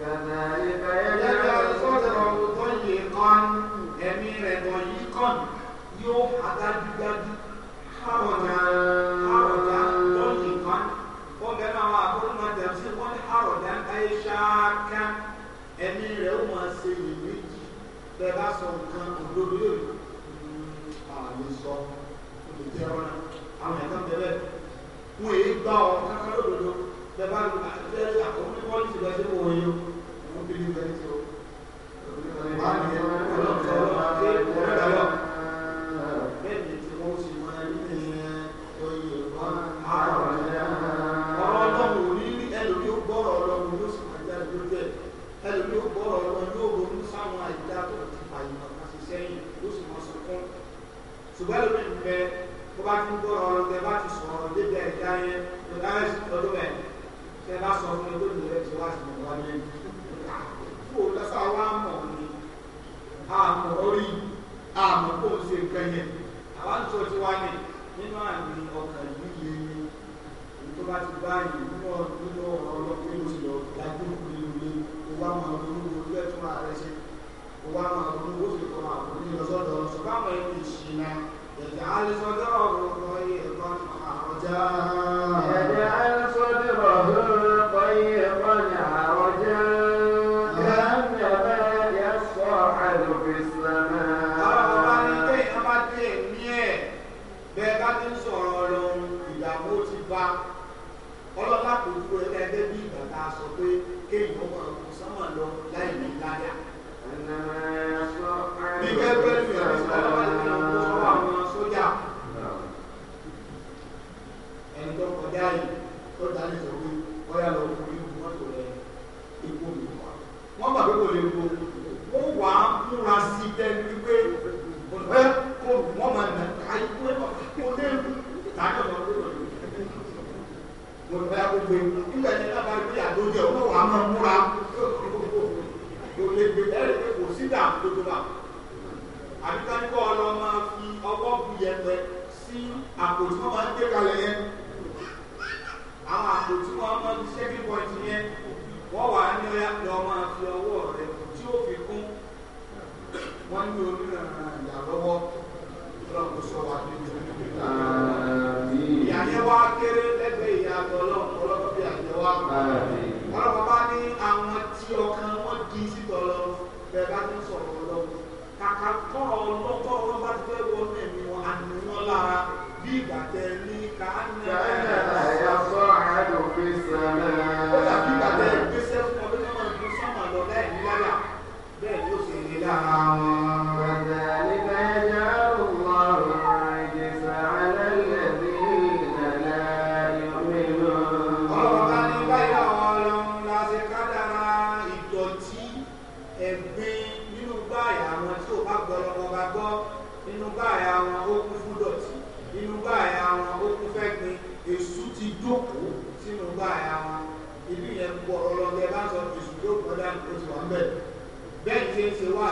كذلك يجعل صدره ضيقا ẹ̀mí rẹ̀ ضيقا yóò adájúdájú حرجا حرجا ضيقا ó bẹ́ẹ̀ náà wà fún ọmọ tẹ̀sí wọ́n ní حرجا أي شاكا ẹ̀mí rẹ̀ ó máa ṣe iyèméjì bẹ́ẹ̀ bá sọ nǹkan òdodo yóò àlè sọ olùjẹ́rọ̀ náà àwọn ẹ̀ka bẹ̀rẹ̀ wọ́n èé gbá ọ kákàlódodo tẹ́lá tẹ́ àwọn oníwọ́n ti lọ sí wọ́n yìí wọ́n bí nígbà tí ó máa ń yẹ ọlọ́pàá ọlọ́pàá tí wọ́n dá lọ. bẹ́ẹ̀ni tí wọ́n ti máa ń ní oyè wọn àwọn ọ̀rọ̀ ọlọ́run ò ní rí ẹlòmí ó gbọ́rọ̀ ọlọ́run yóò sì máa jáde lójú ẹ̀ ẹlòmí ó gbọ́rọ̀ ọlọ́run yóò ronú sáwọn àyíká tó ti pààyàn àti sẹ́yìn yóò sì máa sọ fún ṣùgbọ́n ẹlòmí ń bẹ tó bá ti ń gbọ́rọ̀ ọlọ́run tẹ bá ti sọ̀rọ̀ débi ẹ̀dá yẹn lọ́dọ̀ ẹ̀ tẹ bá sọ fún mi tó lè ti wá sí ọ̀gá lé kó lọ́sà wá mọ̀ ní àmọ̀ orí àmọ̀ kó ń ṣe nǹkan yẹn àwa ń sọ ti wá ní nínú àmì ọkàn yìí lé ní tó bá ti báyìí nínú ọ̀rọ̀ nínú ọ̀rọ̀ ọlọ́pẹ́ ló lọ dájú nínú ilé kó wá máa ronú ojú ẹ̀ tún ààrẹ ṣe kó wá máa ronú ó sì kọ́ máa ronú ìlọsọ́dọ̀ ṣùgbọ́n àwọn ẹni ìṣìnà ẹ̀jẹ̀ á lè sọ ومن पुरुषों बात के काले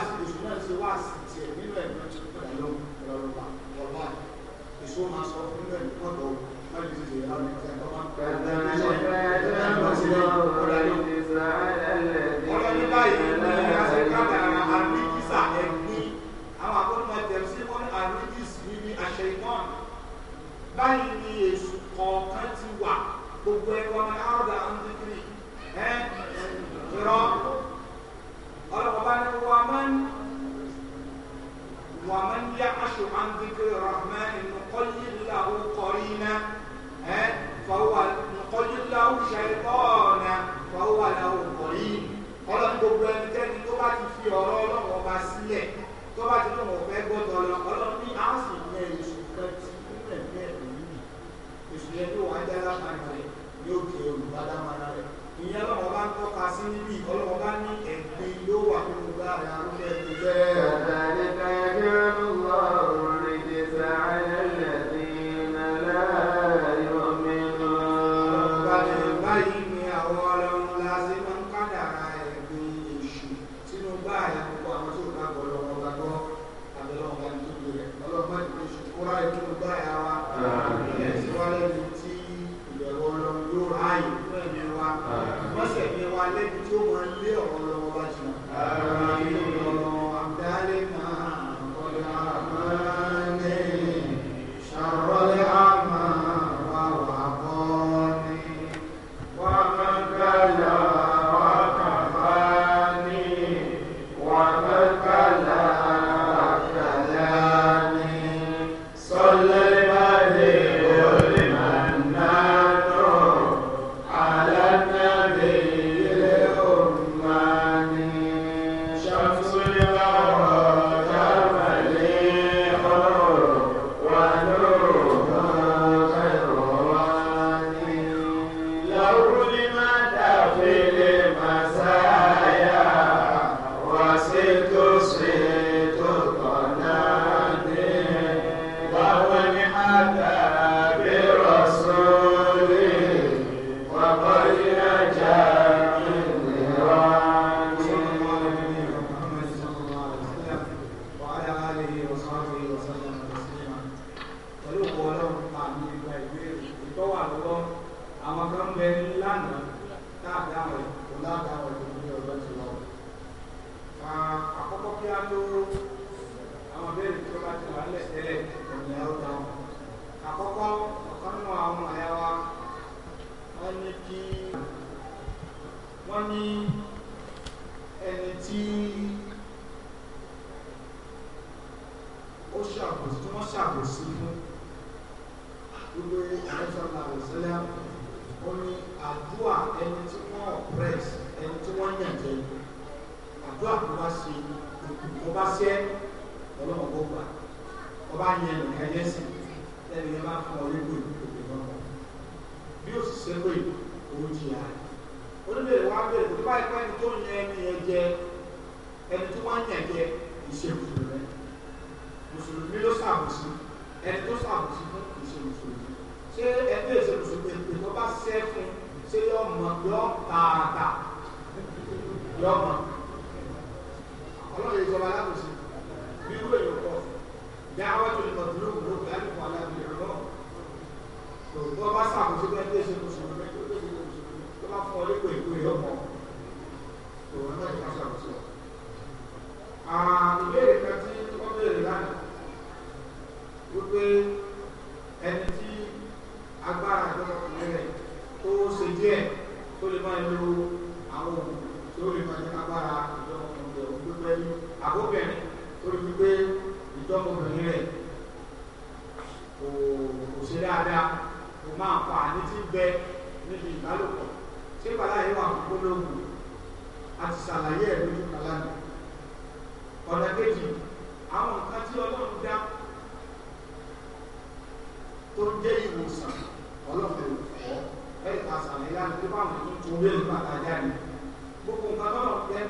除那是袜子。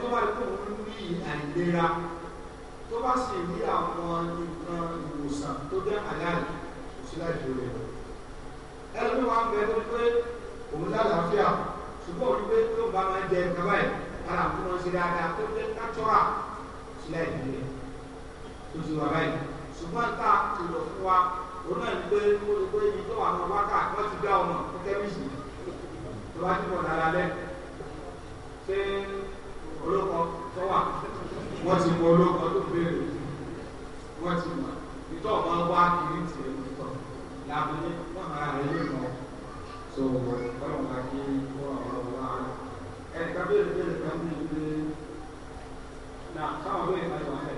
tó bá tó ń rí àìlera tó bá sì rí àwọn nǹkan ìwòsàn tó jẹ́ àyàlì kò sí láì tó rẹ̀ ẹlòmí wa ń bẹ tó pé òun lálàáfíà ṣùgbọ́n òun pé tó bá máa jẹ nǹkan báyìí ara àwọn tó máa ń ṣe dáadáa tó jẹ́ nátúrà sí láì tó rẹ̀ tó ti wà báyìí ṣùgbọ́n ta ìlọ fún wa òun náà ń gbé olùgbé ibi tó àwọn wákà wọ́n ti dá ọmọ fún kẹ́míìsì tó bá ti pọ̀ dára lẹ́nu olóko tó wà wọ́n ti mọ olóko tó béèrè wọ́n ti mọ̀ ìtọ́ ọ̀bá wá kiri tiẹ̀ nìtọ̀ làbúlé wọn ara rẹ̀ yóò mọ̀ so ọlọ́run bá kí wọ́n ọ̀rọ̀ wá ẹ̀ka béèrè béèrè kan ní ìgbé náà káwọn béèrè kan yọ̀ ọ́